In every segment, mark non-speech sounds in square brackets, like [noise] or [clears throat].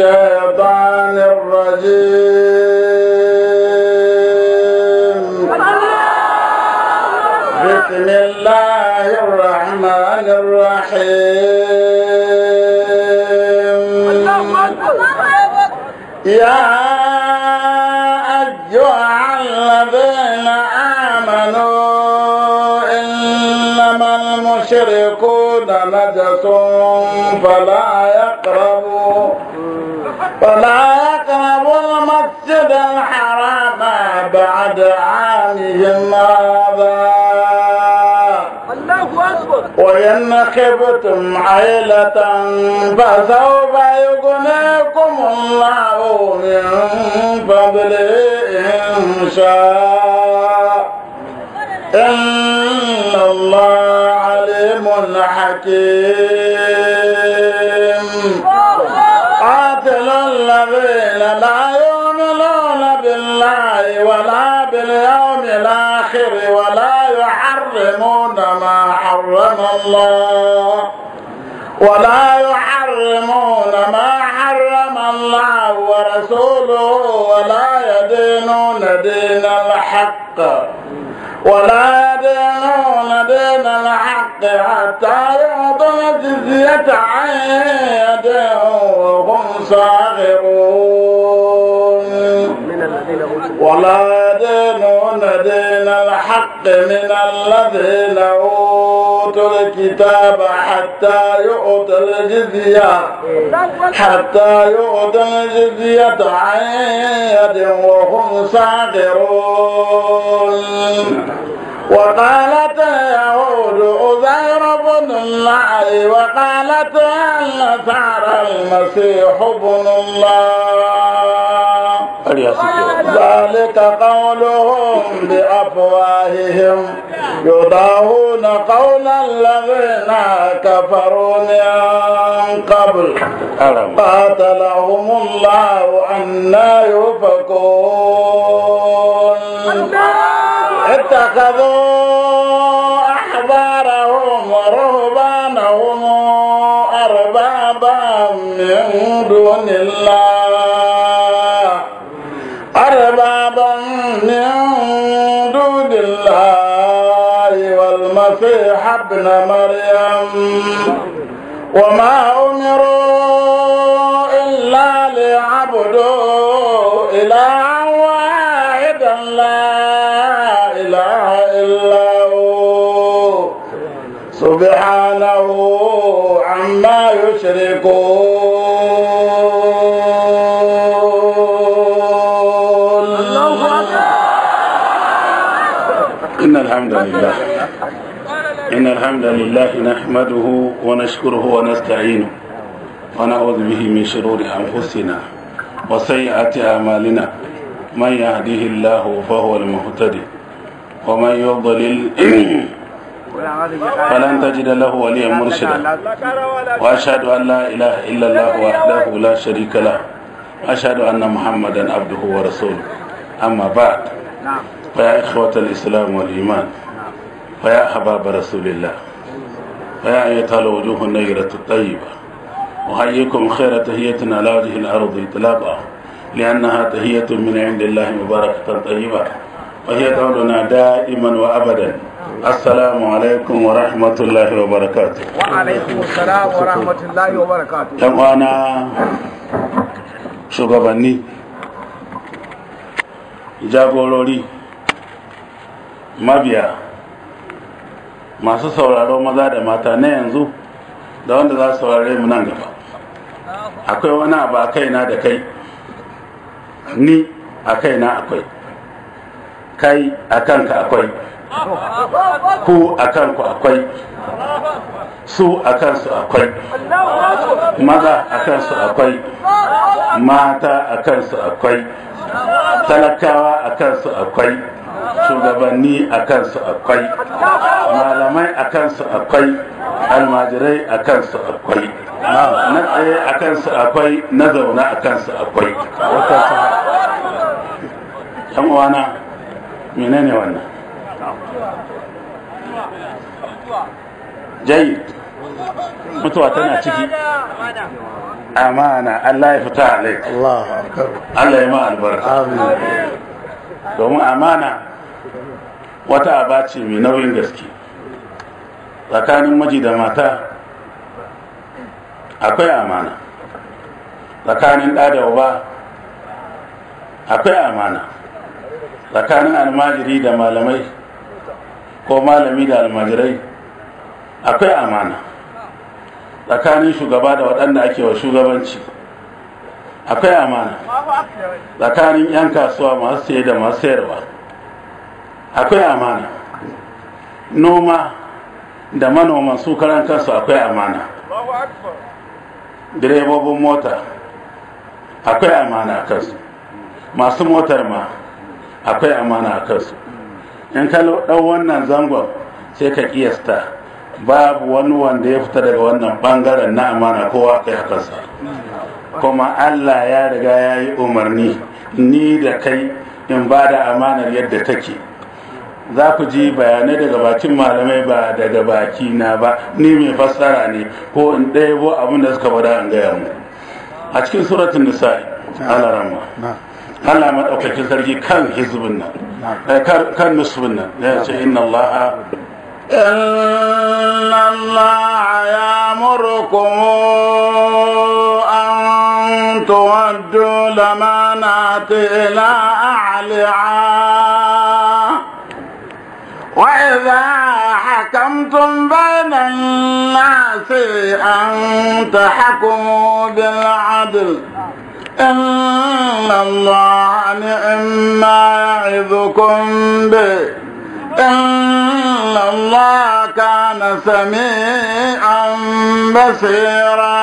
الشيطان الرجيم بسم الله الرحمن الرحيم يا أيها الذين آمنوا إنما المشركون نجس فلا ولا يقرب المسجد الحرام بعد عامهم هذا وإن خبتم عيلة فسوف يغنيكم الله من فضله إن شاء إن الله عليم حكيم الذين لا يؤمنون بالله ولا باليوم الآخر ولا يحرمون ما حرم الله ولا يحرمون ما حرم الله ورسوله ولا يدينون دين الحق ولا يدينون دين الحق حتى يعطوا الجزية عن الحق من الذين أوتوا الكتاب حتى يؤتوا الجزية حتى يؤتوا الجزية عن يد وهم صاغرون وقالت اليهود عزير بن الله وقالت النصارى المسيح بن الله ƙarya suke zalika qawluhum bi afwahihim yudahuna qawlan ladhina kafaru min qabl qatalahum Allah anna yufakun اتخذوا أحبارهم ورهبانهم أربابا من دون الله حبنا ابن مريم وما أمروا إلا ليعبدوا إلها واحدا لا إله إلا هو سبحانه عما يشركون إن الحمد لله إن الحمد لله نحمده ونشكره ونستعينه ونعوذ به من شرور أنفسنا وسيئات أعمالنا من يهديه الله فهو المهتدي ومن يضلل [clears throat] فلن تجد له وليا مرشدا وأشهد أن لا إله إلا الله وحده لا شريك له أشهد أن محمدا عبده ورسوله أما بعد نعم. فيا إخوة الإسلام والإيمان فيا حباب رسول الله فيا أيتها الوجوه النيرة الطيبة أحييكم خير تهية على وجه الأرض إطلاقا لأنها تهية من عند الله مباركة طيبة وهي قولنا دائما وأبدا السلام عليكم ورحمة الله وبركاته وعليكم السلام ورحمة الله وبركاته يوانا shugabanni jagorori mabiya masu sauraro maza da mata na yanzu da wanda za su saurare mu nan gaba akwai wani abu a kaina da kai ni a kaina akwai kai a kanka akwai ku a kanku akwai su a kansu akwai maza a kansu akwai mata a kansu akwai talakawa a kansu akwai shugabanni a kansu akwai malamai a kansu akwai almajirai a kansu akwai na tsaye a kansu akwai na zaune a kansu akwai wana uwana menene wannan jayi mutuwa tana ciki amana Allah ya fita alaik Allah ya ma albarka domin amana wata aba ce mai nauyin gaske tsakanin maji da mata akwai amana tsakanin ɗa da uba akwai amana tsakanin almajiri da malamai ko malami da almajirai akwai amana tsakanin shugaba da waɗanda ake wa shugabanci akwai amana tsakanin 'yan kasuwa masu saye da masu sayarwa akwai amana noma da manoman su karan kansu akwai amana direbobin mota akwai amana a kansu masu motar ma akwai amana a kansu in ka ɗau wannan zangon sai ka kiyasta babu wani wanda ya fita daga wannan bangaren na amana kowa kai a kansa kuma allah ya riga ya yi umarni ni da kai in ba da amanar yadda take za ku ji bayanai daga bakin malamai ba daga baki na ba ni mai fassara ne ko in ɗaya abin da suka faɗa an gaya mu a cikin suratun nisa'i alarama Allah maɗaukakin sarki kan hizbin nan kan nusbin nan ya ce inna Allah إن الله يأمركم أن تودوا الأمانات إلى أهلها وإذا حكمتم بين الناس أن تحكموا بالعدل إن الله نعم ما يعظكم به إن الله كان سميعا بصيرا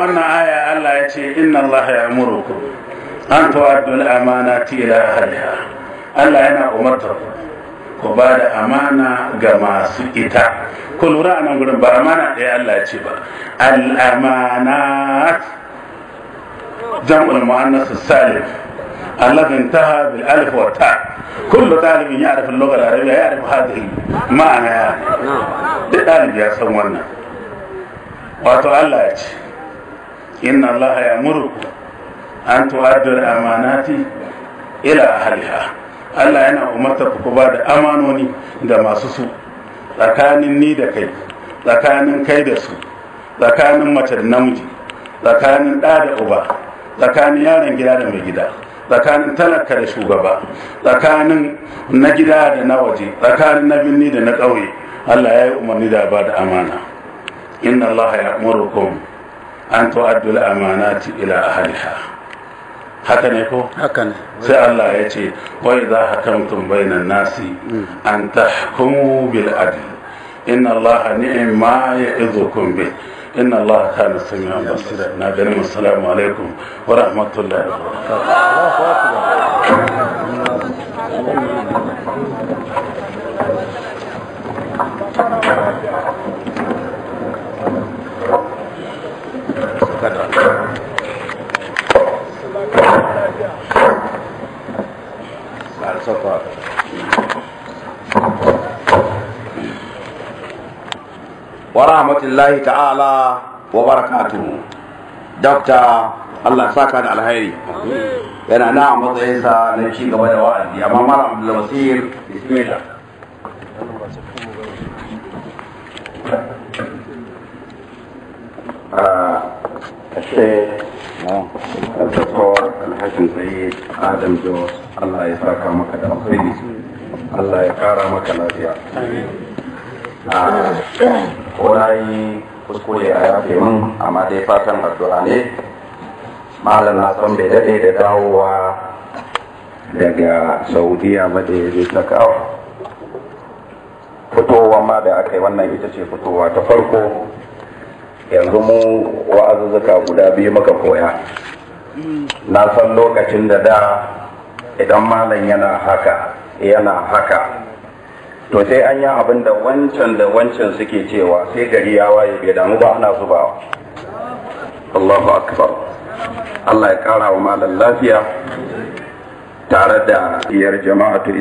wannan aya Allah ya ce الله Allah an tuwaddu al-amana ila ahliha Allah yana umartar ku ba da amana ga masu ita ku lura a nan gurin ba amana ɗaya Allah ce ba al-amanat jam'ul muannas salim الذي انتهى بالالف والتاء كل طالب يعرف اللغه العربيه يعرف هذه معنى يعني duk ɗalibi ya san wannan wato Allah ya ce inna Allah ya murku an tuwaddu amanati ila ahliha Allah yana umarta ku ba da amanoni da masu su tsakanin ni da kai tsakanin kai da su tsakanin mace da namiji tsakanin ɗa da uba tsakanin yaron gida da mai gida tsakanin talaka da shugaba tsakanin na gida da na waje tsakanin na binni da na ƙauye Allah ya yi umarni da ba da amana inna Allah ya an tuwa amanati ila ahliha haka ne ko haka ne sai Allah ya ce wa idza hakamtum bainan nasi an tahkumu bil adl inna Allah ni'ma ya'idukum bih إن الله كان سميعا بصيرا نادرين السلام عليكم ورحمة الله وبركاته رحمة الله تعالى وبركاته دكتور الله ساكا على هاي أنا نعم مطيسة نمشي قبل وعدي يا مرة عبد الوسيم بسم الله آه، الشيخ الدكتور الحسن سعيد آدم جوز الله يساك مكة الله يكرمك الله يا آمين آه، ko na yi kuskure a yafe min amma dai fatan addu'a ne malam na san bai daɗe da dawowa daga saudiya ba da ya ta kawo fitowa ma da aka yi wannan ita ce fitowa ta farko yanzu mu wa'azuzzuka guda biyu muka koya na san lokacin da da idan malam yana haka yana haka to sai an yi abin da wancan da wancan suke cewa sai gari ya waye bai damu ba ana zubawa Allahu akbar Allah ya kara wa malam lafiya tare da iyar jama'atu